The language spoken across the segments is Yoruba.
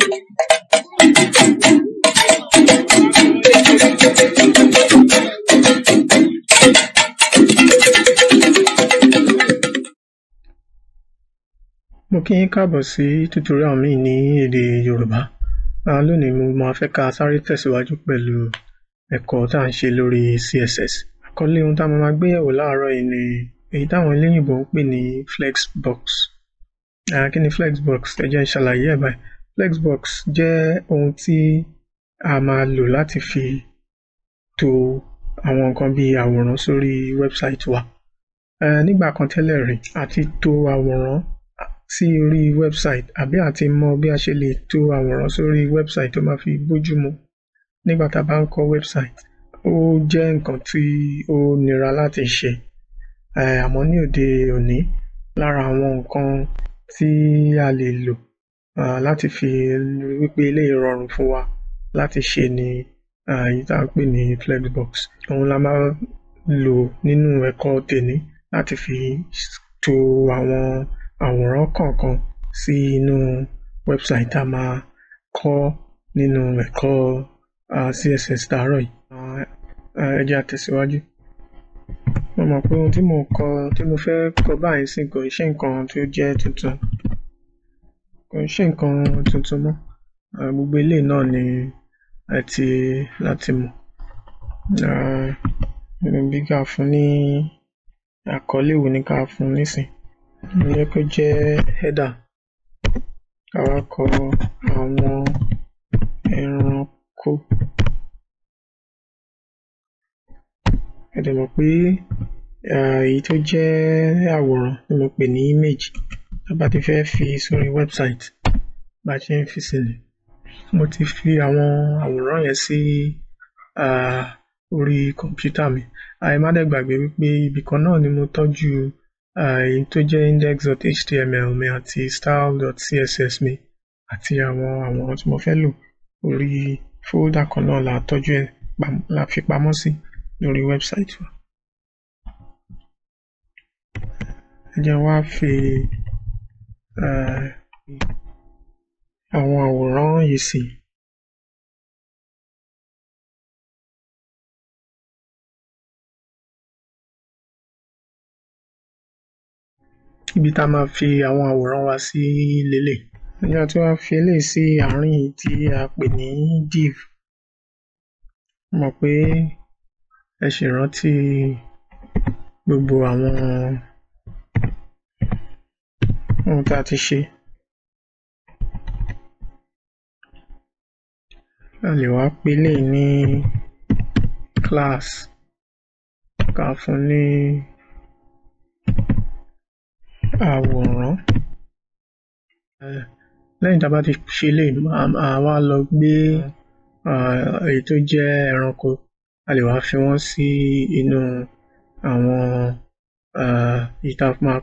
mo kí yín káàbọ̀ sí tutorial mi ní èdè yorùbá lónìí mo máa fẹ́ ká sáré tẹ̀síwájú pẹ̀lú ẹ̀kọ́ tá à ń ṣe lórí css àkọlé ohun tá a máa gbé yẹ̀wò láàárọ̀ yìí ni èyí táwọn eléyìnbó ń pè ní flexbox kí ni flexbox ẹ jẹ́ n ṣàlàyé ẹ̀ báyìí Flexbox jẹ́ ohun tí a máa lò láti fi to àwọn nǹkan bí àwòrán sórí website wa. um Nígbà kan tẹ́lẹ̀ rí àti to àwòrán sí orí website àbí àti mọ bí a ṣe lè to àwòrán sórí website tó máa fi bójúmu nígbà tá a bá ń kọ́ website, ó jẹ́ nǹkan tí ó nira láti ṣe. um Àmọ́ ní òde-òní lára àwọn nǹkan tí a lè lò um láti fi ri wí pé eléyìí rọrùn fún wa láti ṣe ni um èyí tá à ń pè ní flexbox. Òhun la máa lò nínú ẹ̀kọ́ tèní láti fi to àwọn àwòrán kọ̀ọ̀kan sí inú website tá a máa kọ́ nínú ẹ̀kọ́ CSS tàárọ̀ yìí. um Ẹ jẹ́ á tẹ̀síwájú. Mo mọ̀ pé ohun tí mò ń kọ tí mo fẹ́ kọ báyìí ńsìnyí kò ṣe nǹkan tó jẹ́ tuntun kò ń ṣe nǹkan tuntun mọ́ gbogbo eléyìí náà ni ẹ ti láti mọ̀ bí ká fún ní àkọlé wo ni ká fún nísìn bóyá kó jẹ́ header ká wá kọ àwọn ẹranko ẹ dẹ̀ mọ̀ pé èyí tó jẹ́ àwòrán ni mo pè ní image bá ti fẹ́ fi sórí website bá ṣe ń fi sílẹ̀ mo ti fi àwọn àwòrán yẹn sí uh, orí kọ̀ǹpútà mi àyè má dẹ̀ gbàgbé wípé ibì kan náà ni mo tọ́jú èyí tó jẹ́ index.html mi àti style.css mi àti àwọn àwòrán tí mo fẹ́ lò orí fóldà kan náà la tọ́jú ẹ̀ la fi pamọ́ sí lórí website wa. ẹ jẹ́ wá fi um àwọn àwòrán yìí sí. Ibi tá ma fi àwọn àwòrán wa sí leléyìí. Bí a ti wá fi eléyìí sí àárín èyí tí a pè ní div. Mo mọ̀ pé ẹ ṣì rántí gbogbo àwọn ohun tá a ti ṣe a class ká fún ní àwòrán lẹ́yìn tá a bá ti ṣe léyìí a wá lọ gbé èyí tó jẹ́ ẹranko a lè wá fi wọ́n sí inú àwọn èyí tá a máa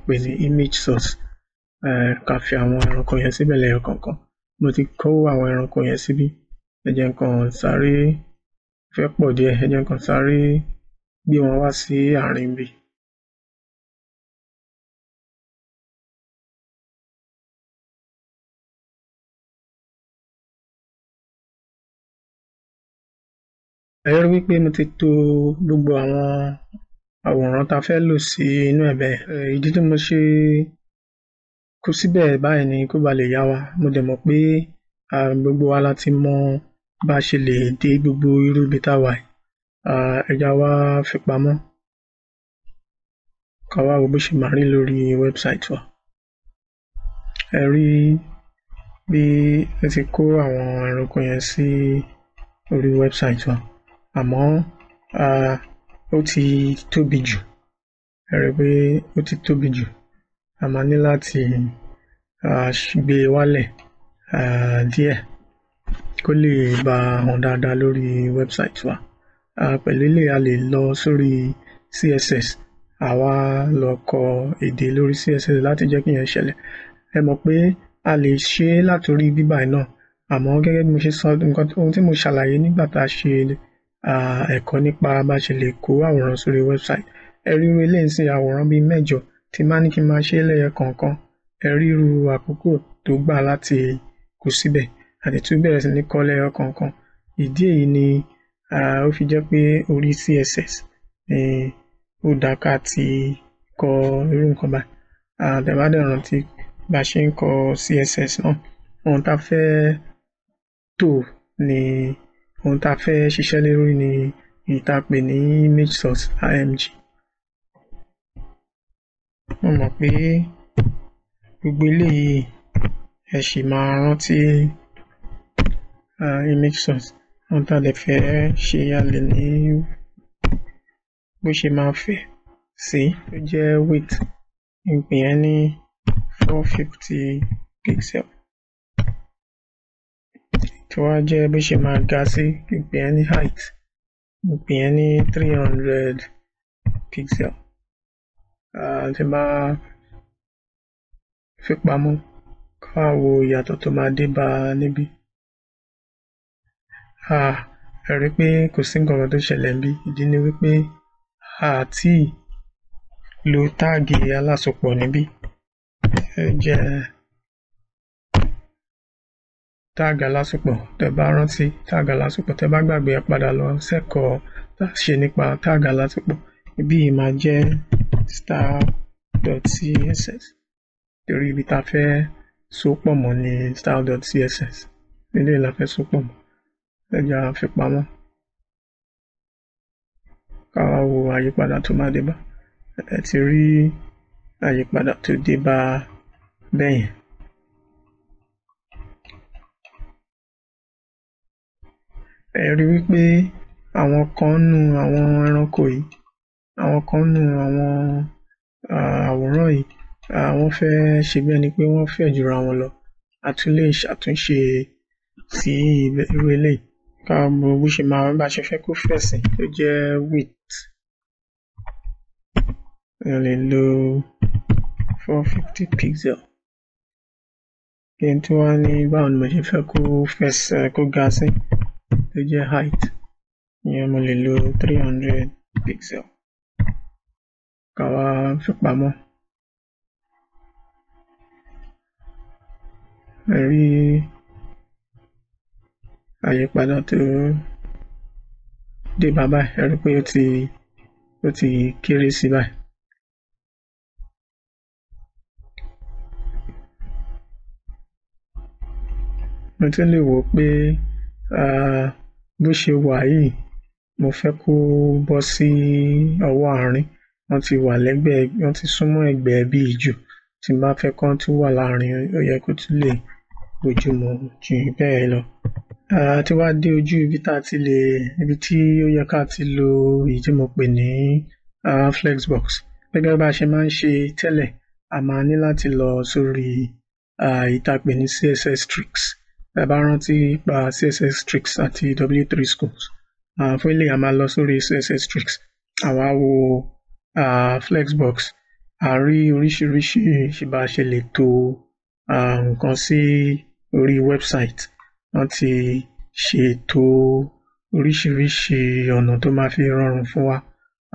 image source ká fi àwọn ẹranko yẹn síbẹ̀ lẹ́yọ kọ̀ọ̀kan mo ti kó àwọn ẹranko yẹn síbí ẹ jẹ́ nǹkan sáré fẹ́ pọ̀ díẹ̀ ẹ jẹ́ nǹkan sáré gbé wọn wá sí àárín bíi. ẹ rí wípé mo ti tò gbogbo àwọn àwòrán tá a fẹ́ lò sí inú ẹ̀ bẹ́ẹ̀ ìdí tí mo ṣe kú síbẹ̀ báyẹn ni kó ba lè yá wa mo dẹ̀ mọ̀ pé gbogbo wa la ti mọ bá a ṣe lè dé gbogbo irú ibi tá a wà ẹja wa fi pamọ́ ká wá wo bó ṣe máa rí lórí website wa ẹ rí bí ẹ ti kó àwọn ẹranko yẹn sí orí website wa àmọ́ ó ti tóbi jù ẹ rí i pé ó ti tóbi jù a máa ní láti um gbé e wálẹ̀ díẹ̀ kó lè ba hàn dáadáa lórí website wa. Um pẹ̀lú eléyìí a lè lọ sórí CSS, à wá lọ kọ èdè lórí CSS láti jẹ́ kíyẹn ṣẹlẹ̀. Ẹ mọ̀ pé a lè ṣe é látorí ibí bàyìí náà àmọ́ gẹ́gẹ́ bí mo ṣe sọ nǹkan ohun tí mo ṣàlàyé nígbà tá a ṣe ẹ̀kọ́ nípa bá a ṣe lè kó àwòrán sórí website. Ẹ rí irú eléyìí nísìnyí àwòrán bíi mẹ́jọ Tí n bá ní kí n máa ṣe é lẹ́yọkọ̀ọ̀kan, ẹ rí irú àkókò tó gbà láti kó síbẹ̀, a tún bẹ̀rẹ̀ sí ní kọ́ ọ lẹ́yọkọ̀ọ̀kan. Ìdí èyí ni ó fi jẹ́ pé orí CSS ni ó da ká ti kọ irú nǹkan bá dẹ̀ rántí bá ṣe ń kọ CSS náà, ohun ta fẹ́ tò ni ohun ta fẹ́ ṣiṣẹ́ lórí ni èyí ní image source, img mo mọ̀ pé gbogbo eléyìí ẹ ṣì máa rántí ah, it makes sense ohun tá a dẹ̀ fẹ́ ṣe a lè ní bó ṣe máa fẹ̀ sí tó jẹ́ width n pè yẹn ní four fifty pixel tó wá jẹ́ bó ṣe máa ga sí n yẹn ní height n pè yẹn ní three hundred pixel tí n bá fi pamọ́ ká wo ìyàtọ̀ tó máa dé bá a níbí um ẹ rí pé kò sí nǹkankan tó ṣẹlẹ̀ níbí ìdí ni wí pé a à tíì lo táàgì alásopọ̀ níbí ó jẹ́ táàgì alásopọ̀ tẹ́ ẹ bá rántí táàgì alásopọ̀ tẹ́ bá gbàgbé padà lọ sẹ́kọ̀ọ́ ṣe nípa táàgì alásopọ̀ ibí yìí máa jẹ́ style.css torí ibi tá a fẹ́ so pọ̀ mọ́ ni style.css eléyìí la fẹ́ so pọ̀ mọ́ ẹja fi pamọ́ káwa wo àyípadà tó máa dé bá ẹ ti rí àyípadà tó dé bá bẹ́yẹn. ẹ rí wípé àwọn kan nu àwọn ẹranko yìí àwọn kan nínú àwọn um àwòrán yìí um wọ́n fẹ́ ṣe bí ẹni pé wọ́n fẹ̀ jura wọn lọ a tún lè ṣàtúnṣe sí irú eléyìí ká mọ bó ṣe máa bá ṣe fẹ́ kó fẹ̀ sí tó jẹ́ width a lè lo four fifty pixel kí n tí wá ní báwo ni mo ṣe fẹ́ kó fẹ̀ kó ga sí tó jẹ́ height ìyẹn mo lè lo three hundred pixel ká wá fi pamọ́. Ẹ rí àyípadà tó dé bá báyìí ẹ rí pé ó ti ó ti kéré sí báyìí. mo tún lè wò pé bó ṣe wà yìí mo fẹ́ kó bọ́ sí ọwọ́ àárín wọn ti wà lẹgbẹ wọn ti súnmọ́ ẹgbẹ ẹbí jù tí n bá fẹ́ kán tún wà láàrin ó yẹ kó tún lè bójúmu jù bẹ́ẹ̀ lọ a wá dé ojú ibi tá a ti lè ibi tí ó yẹ ká ti lo èyí tí mo pè ní flexbox gẹ́gẹ́ bá a ṣe máa ń ṣe tẹ́lẹ̀ a máa ní láti lọ sórí ìtàpè ní css tricks tá a bá rántí pa css tricks àti w3schools fún ilé a máa lọ sórí css tricks àwa wo um Flexbox, a rí oríṣiríṣi bá a ṣe lè to um nǹkan sí orí website. Wọ́n ti ṣètò oríṣiríṣi ọ̀nà tó máa fi rọrùn fún wa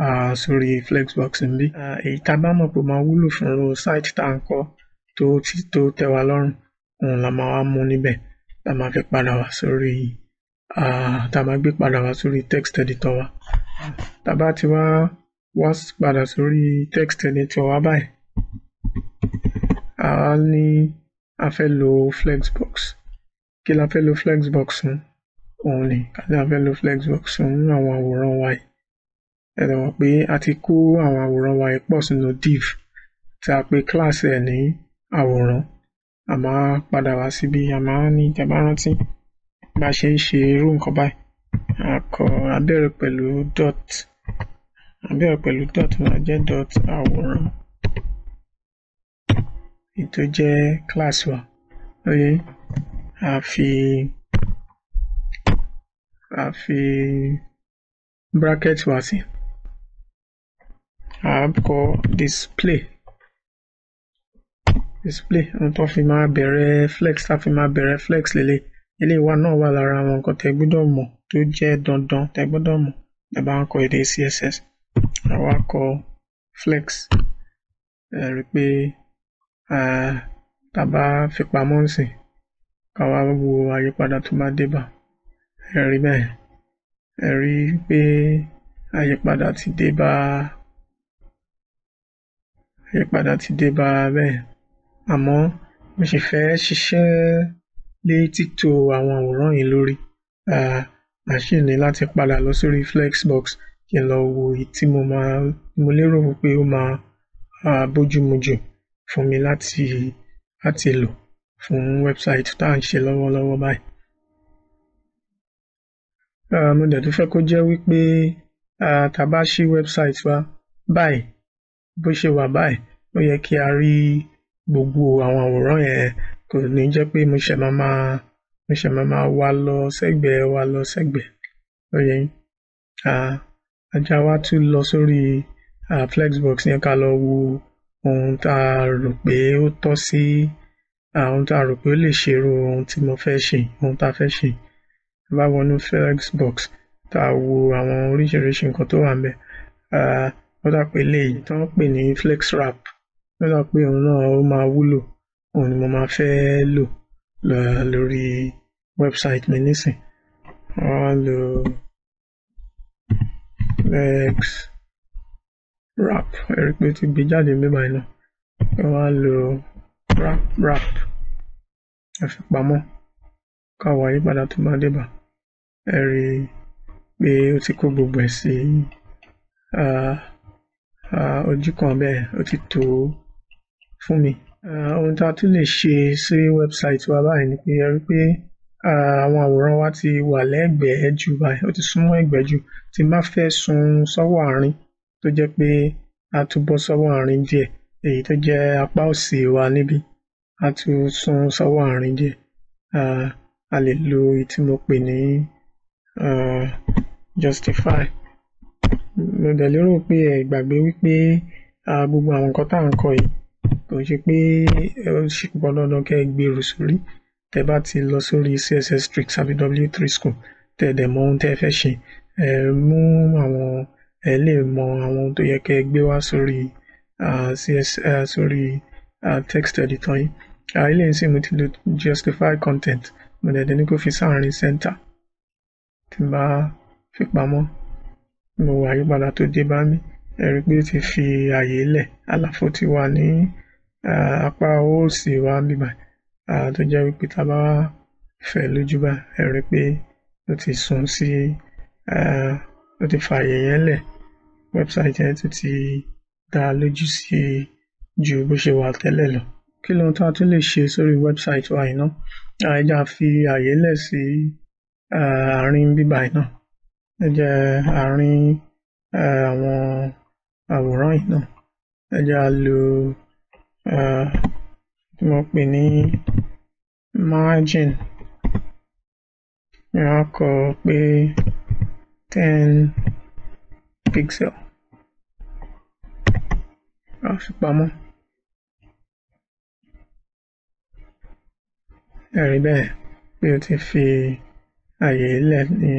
um sórí Flexbox ńbí. Um èyí tá bá mọ̀ pé máa wúlò fún irú site tá ǹ kọ́ tó ti tó tẹ́ wa lọ́rùn, òun la máa wá mú níbẹ̀ tá máa fi padà wá sórí um tá máa gbé padà wá sórí text editor wa. Tá bá ti wá wá padà sórí text editor wa báyìí a ní a fẹ́ lo flexbox kí la fẹ́ lo flexbox fún òun ni àti a fẹ́ lo flexbox fún àwọn àwòrán wa yìí ẹ lè pé a ti kó àwọn àwòrán wa yìí pọ̀ sínú div tí a pè class ẹ̀ ní àwòrán a máa padà wá síbi a máa ní ìjàmbá rántí bá a ṣe ń ṣe irú nǹkan báyìí a kọ abẹ́rẹ́ pẹ̀lú dot abẹ́ pẹ̀lú dot máa jẹ́ dot àwòrán èyí tó jẹ́ class wa lóye a fi a fi bracket wá sí a kọ display display ohun tó fi máa bẹ̀rẹ̀ flex tá fi máa bẹ̀rẹ̀ flex lele eléyìí wa náà wà lára àwọn nǹkan tẹ́ gbọ́dọ̀ mọ̀ tó jẹ́ dandan tẹ́ gbọ́dọ̀ mọ̀ tẹ́ bá ń kọ èdè css àwa kọ flex ẹ rí i pé tá a bá fi pamọ́ nsìn ká wá wo àyípadà tó bá dé bá ẹ rí bẹ́ẹ̀ ẹ rí i pé àyípadà ti dé bá àyípadà ti dé bá bẹ́ẹ̀ àmọ́ mo sì fẹ́ ṣiṣẹ́ lé títò àwọn àwòrán yìí lórí màá láti padà lọ sórí flexbox kí n lọ wo èyí tí mo máa mo lérò wípé ó máa máa bójúmu jù fún mi láti láti lò fún website tá à ń ṣe lọ́wọ́lọ́wọ́ báyìí. Ah, mo dẹ̀ tún fẹ́ kó jẹ́ wípé ah, tá bá ṣí website wa báyìí bó ṣe wà báyìí ó yẹ kí a rí gbogbo àwọn àwòrán yẹn kò ní jẹ́ pé mo ṣẹ̀ máa máa mo ṣẹ̀ máa máa wá lọ sẹ́gbẹ̀ẹ́ wá lọ sẹ́gbẹ̀ẹ́ ó yẹ yín. Ah ajá wa tún lọ sórí uh, flexbox yẹn ká lọ wo ohun tá a rò pé ó tọ́ sí ohun tá a rò pé ó lè ṣerú ohun tí mo fẹ́ ṣe ohun tá a fẹ́ ṣe bá wọnú flexbox tá a wo àwọn oríṣiríṣi nǹkan tó wà ń bẹ̀ ó dà pé eléyìí tó ń pè ní flexwrap ó dà pé òun náà ó máa wúlò òun ni mo máa fẹ́ lò lórí website mi nísìn wọ́n á lo x wrap ẹ̀rí pé ó ti gbé jáde níbí báyìí náà ẹ wá lo wrap wrap ẹ fi pamọ́ káwa yípadà tó bá débà ẹ rí i pé ó ti kó gbogbo ẹ̀ sí ojú kan bẹ́ẹ̀ ó ti tó fún mi ohun tá a tún lè ṣe sí wẹ́bsáìtì wa báyìí ni pé ẹ pé Ah, àwọn àwòrán wa ti wà lẹ́gbẹ̀ẹ́ jù báyìí ó ti súnmọ́ ẹ̀gbẹ́ jù tí n bá fẹ́ sun sọ́wọ́ àárín tó jẹ́ pé á tún bọ́ sọ́wọ́ àárín díẹ̀ èyí tó jẹ́ apá òsì wa níbí á tún sun sọ́wọ́ àárín díẹ̀ um a lè lo èyí tí mo pè ní um justify mo dẹ̀ lérò pé ẹ gbàgbé wípé um gbogbo àwọn nǹkan tá à ń kọ yìí kò ń ṣe pé ó ṣe pọn dandan kẹ́ ẹ sórí tẹ́ bá ti lọ sórí CSS Tricks àbí W3School tẹ́ ẹ dẹ̀ mọ ohun tẹ́ ẹ fẹ́ ṣe ẹ mú àwọn ẹ lè mọ àwọn ohun tó yẹ kẹ́ gbé wá sórí sórí text editor yìí eléyìí sì mo ti lo justify content mo dẹ̀ dẹ̀ ní kó fi sáàrin center tí bá fi pamọ́ mo wà àyípadà tó dé bá mi ẹ rí i pé ó ti fi àyè lẹ̀ àlàfo ti wà ní apá òsì wa bíbáyìí tó jẹ́ wípé tá a bá wá fẹ̀ lójú bá ẹ rí i pé ó ti sún sí um ó ti fa àyè lẹ̀ website yẹn tún ti dá a lójú sí ju bó ṣe wà tẹ́lẹ̀ lọ. kí lohun tá a tún lè ṣe sórí website wa yìí ná ẹ jẹ́ á fi àyè lẹ̀ sí um àárín bíbà yìí náà ẹ jẹ́ àárín um àwọn àwòrán yìí náà ẹ jẹ́ á lo tí wọ́n pè ní margin. Ni a kọ pé ten pixel. A fi pamọ́. Ẹ bẹ́ẹ̀ o ti fi àyè lẹ̀ ní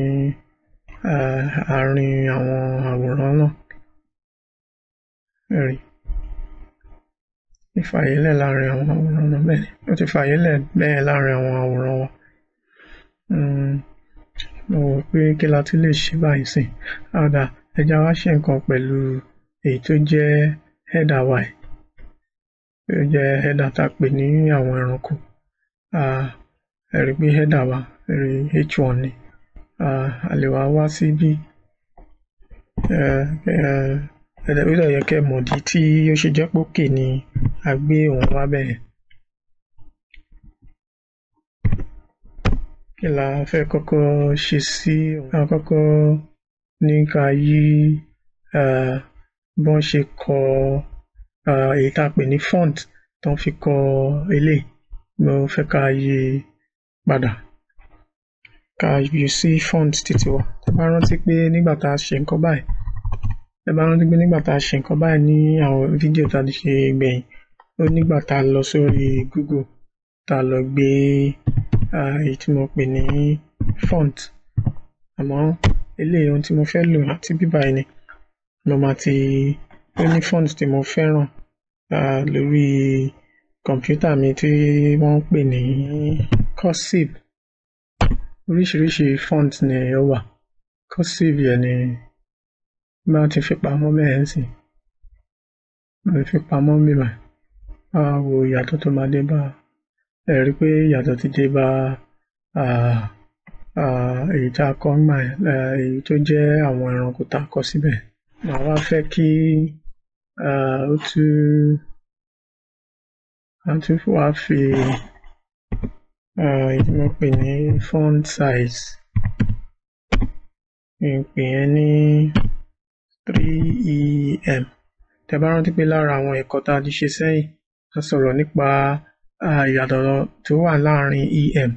àárín àwọn àwòrán náà. ti fààyè lẹ̀ láàrin àwọn àwòrán náà bẹ́ẹ̀ ó ti fààyè lẹ̀ bẹ́ẹ̀ láàrin àwọn àwòrán wa hmm, mo wò pé kí la tún lè ṣe báyìí sìn àdá ẹja wa ṣe nǹkan pẹ̀lú èyí tó jẹ́ header wa tó jẹ́ header tá a pè ní àwọn ẹranko ẹ pé header wa rí h1 ni a lè wá wá síbí ẹ̀ẹ́dẹ̀ yẹ kẹ́ mọ̀dí tí ó ṣe jẹ́ pókè ni a gbé òun wá bẹ́yẹn. kí la fẹ́ kọ́kọ́ ṣe sí a kọ́kọ́ ní ká yí bọ́n ṣe kọ èyí tá a pè ní font tó ń fi kọ eléyìí mo fẹ́ ká yí padà ká yí sí font títí wa tẹ bá rántí pé nígbà tá a ṣe nǹkan báyìí tẹ bá rántí pé nígbà tá a ṣe nǹkan báyìí ní àwọn fídíò tá a ti ṣe gbẹ̀yìn ó nígbà tá a lọ sórí Google, tá a lọ gbé, ah, èyí tí mo pè ní font. Àmọ́ eléyìí ohun tí mo fẹ́ lò láti bíbàí ni. Mo máa ti, ó ní font tí mo fẹ́ràn, ah, lórí kọ̀m̀pútà mi tí wọ́n ń pè ní cursive. Oríṣiríṣi font ni ó wà. Cursive yẹn ni mo máa ti fi pamọ́ bẹ́ẹ̀ sì. Mo ti fi pamọ́ bíbàí. Á wo ìyàtọ̀ tó máa dé bá ẹ rí pé ìyàtọ̀ ti dé bá um um èyí tá a kọ ńgbà yẹn um èyí tó jẹ́ àwọn ẹranko tá a kọ síbẹ̀. Màá wá fẹ́ kí ó tún màá tún wá fi èyí mo pè ní font size kí ní three EM. Tẹ́ ẹ bá rántí pé lára àwọn ẹ̀kọ́ tá a ti ṣe sẹ́yìn a sọ̀rọ̀ nípa ìyàtọ̀ tó wà láàrin em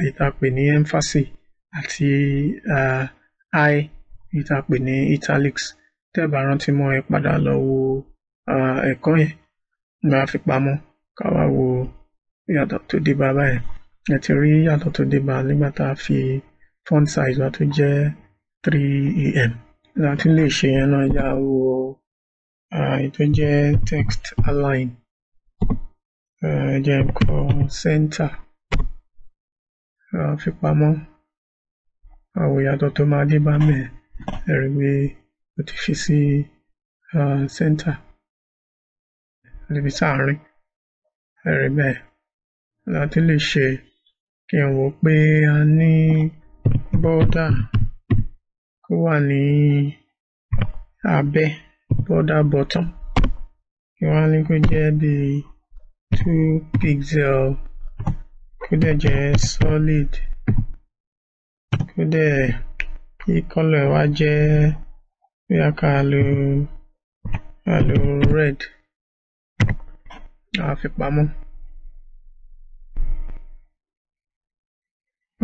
èyí tá a pè ní emphasis àti i èyí ní italics tẹ́ bá rántí mọ́ ẹ padà lọ wo ẹ̀kọ́ yẹn gba fipamọ́ ká wá wo ìyàtọ̀ tó dé bá báyẹn ẹ ti rí ìyàtọ̀ tó dé bá nígbà tá a fi font size wa tó jẹ́ three em láti lè ṣe yẹn náà yá wo èyí tó jẹ́ text align ẹ jẹ́ n kọ center fi pamọ́ àwọn ìyàtọ̀ tó máa dé bá ń bẹ̀ pé mo ti fi sí center níbi sáàárín ẹ rí bẹ́ẹ̀ láti lè ṣe kí n wò ó pé a ní border kó wà ní abẹ́ border bottom kí wọ́n á ní kó jẹ́ two pixel kó dẹ̀ jẹ́ solid kó dẹ̀ kí kọ́lọ̀ wa jẹ́ bí a kà lo a lo red Ah, fi pamọ́.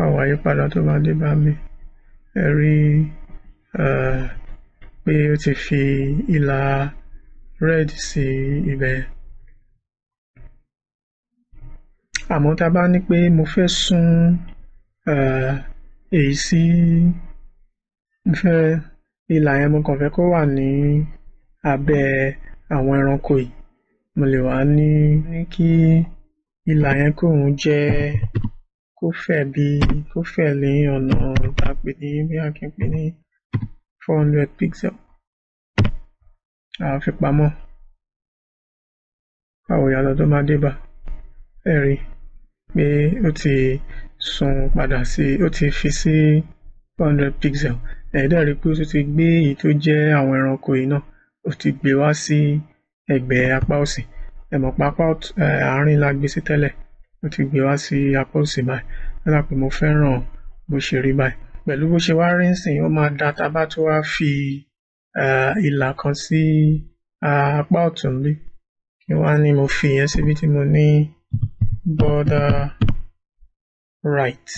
àwọn àyípadà tó máa dé bá mi ẹ rí pé ó ti red sí ibẹ̀ àmọ́ tá a bá ní pé mo fẹ́ sún èyí sí mo fẹ́ ìlà yẹn mo kàn fẹ́ kó wà ní abẹ́ àwọn ẹranko yìí mo lè wá ní kí ìlà yẹn kóun jẹ́ kó fẹ̀ bí kó fẹ̀ ní ọ̀nà tá ní bí a kì í pè ní four hundred pixel àfipamọ́ báwo ìyàtọ̀ tó máa dé bá ẹ rí pé ó ti sun padà sí ó ti fi sí four hundred pixel ẹ̀ dẹ̀ rí pé ó ti gbé èyí tó jẹ́ àwọn ẹranko yìí náà ó ti gbé wá sí ẹ̀gbẹ́ apá òsì ẹ̀mọ̀ pápá àárín la gbé sí tẹ́lẹ̀ ó ti gbé wá sí apá òsì báyìí lọ́la pé mo fẹ́ràn bó ṣe rí báyìí pẹ̀lú bó ṣe wá rí ń sìn ó máa da tá a bá tún wá fi ìlà kan sí apá ọ̀tún bí kí wá ní mo fi ìyẹn síbi tí mo ní border right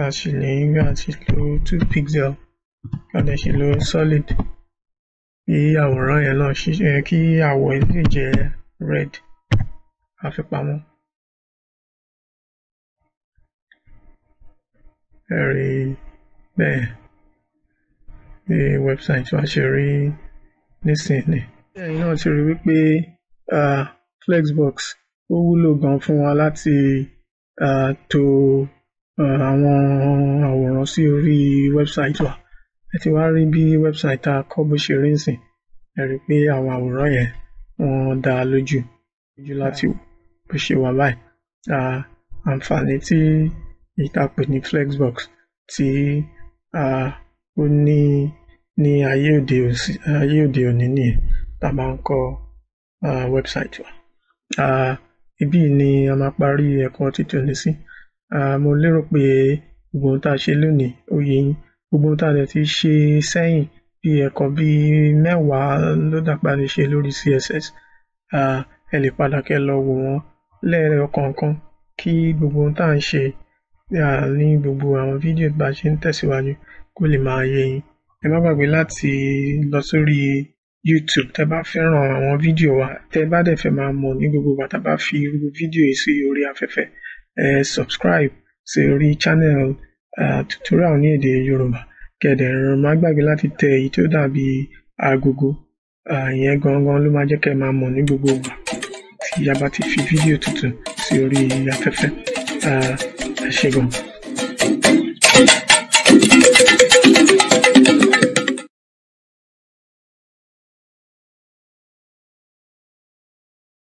a sì lè gbà sí lo two pixel a dẹ̀ sì lo solid kí àwòrán yẹn náà ṣiṣẹ́ kí àwọ̀ lè jẹ́ red a fi pamọ́. Very bad bí website wa ṣe rí nísìnyí ẹ̀yin náà ti rí wípé flexbox ó wúlò gan fún wa láti to àwọn àwòrán sí orí website wa ẹ ti wá rí bí website ta kọ́ bó ṣe rí nsìn ẹ rí i pé àwọn àwòrán yẹn wọ́n dá lójú lójú láti bó ṣe wà báyìí àǹfààní tí ìtàpè ní flexbox tí. Uh, ó ní ní ayé òde òsì ayé òde òní ni tá a máa ń kọ website wa ibí ni a máa parí ẹ̀kọ́ títòní sí mo lérò pé gbogbo ohun tá a ṣe lónìí ó yé yín gbogbo ohun tá a dẹ̀ ti ṣe sẹ́yìn bí ẹ̀kọ́ bíi mẹ́wàá ló dàpá ní ṣe lórí css ẹ lè padà kẹ́ lọ wò wọ́n lẹ́ẹ̀rọ kọ̀ọ̀kan kí gbogbo ohun tá à ń ṣe ní gbogbo àwọn fídíò bá ṣe ń tẹ̀síwájú kó lè máa yé yín. Ẹ má gbàgbé láti lọ sórí YouTube tẹ bá fẹ́ràn àwọn fídíò wa tẹ bá dẹ̀ fẹ́ máa mọ̀ ní gbogbo ìgbà tá bá fi irú fídíò yìí sí orí afẹ́fẹ́. Ẹ subscribe sí orí channel tutorial ní èdè Yorùbá. Kẹ̀dẹ̀ má gbàgbé láti tẹ èyí tó dàbí agogo. Ìyẹn uh, gangan ló máa jẹ́ kẹ́ máa mọ̀ ní gbogbo ìgbà tí a bá ti fi fídíò tuntun sí orí afẹ́fẹ́. Uh, chegou.